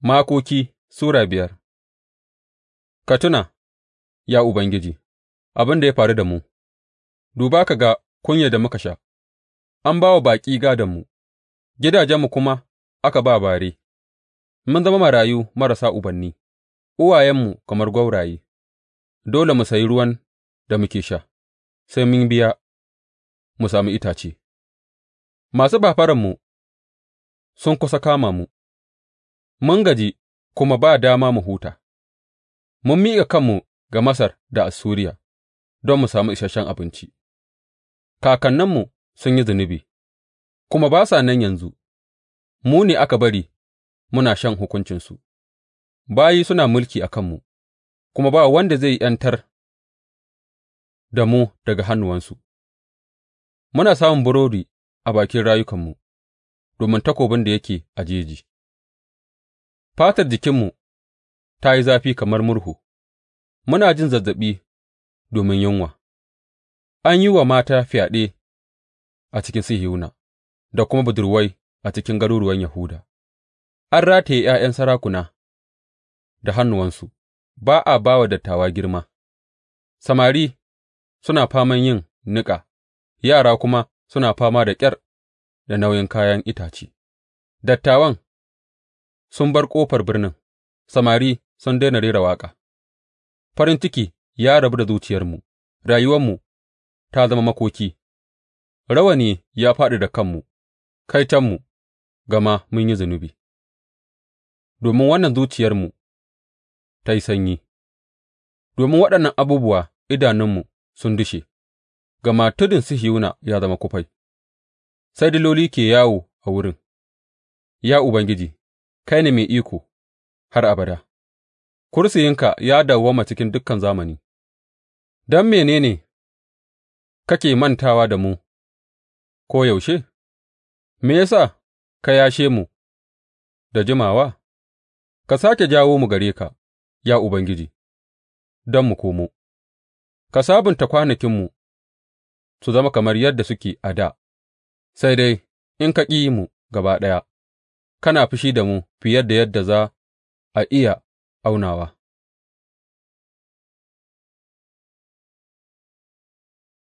Makoki Sura biyar Ka tuna, ya Ubangiji, abin da ya faru da mu; duba ka ga kunyar da muka sha, an ba wa baƙi gādonmu, gidajenmu kuma aka ba bare, mun zama marayu marasa ubanni, uwayenmu kamar gwauraye, dole mu sayi ruwan da muke sha, sai mun biya mu sami itace; masu fafararmu sun kusa kama mu. Mun gaji kuma ba dama mu huta; mun miƙa kanmu ga Masar da Assuriya don mu sami isasshen abinci, kakanninmu sun yi zunubi kuma ba sa nan yanzu, mu ne aka bari muna shan hukuncinsu; bayi suna mulki a kanmu, kuma ba wanda zai ’yantar da mu daga hannuwansu; muna samun burodi a bakin rayukanmu domin takobin da yake a jeji. Fatar jikinmu ta yi zafi kamar murhu, muna jin zazzaɓi domin yunwa; an yi wa mata fyaɗe a cikin Sihiyuna da kuma budurwai a cikin garuruwan Yahuda; an rataye ’ya'yan sarakuna da hannuwansu, ba a ba wa dattawa girma, samari suna faman yin niƙa, yara kuma suna fama da ƙyar da nauyin kayan itace, dattawan. sun bar ƙofar birnin, samari sun daina rera waƙa; farin ciki ya rabu da zuciyarmu, rayuwarmu ta zama makoki, rawani ya faɗi da kanmu, kaitonmu, gama mun yi zunubi, domin wannan zuciyarmu ta yi sanyi, domin waɗannan abubuwa idanunmu sun dushe, gama tudun Sihiyona ya zama kufai, sai diloli ke yawo a wurin, Ya Ubangiji. kai ne mai iko har abada, kursiyinka ya dawwama cikin dukan zamani, don mene ne kake mantawa da mu ko yaushe? Me ya sa ka yashe mu da jimawa? Ka sake jawo mu gare ka, ya Ubangiji, don mu komo, ka sabunta kwanakinmu su zama kamar yadda suke a da, sai dai in ka ƙi mu gaba ɗaya. kana fushi da mu fiye da yadda za a iya aunawa.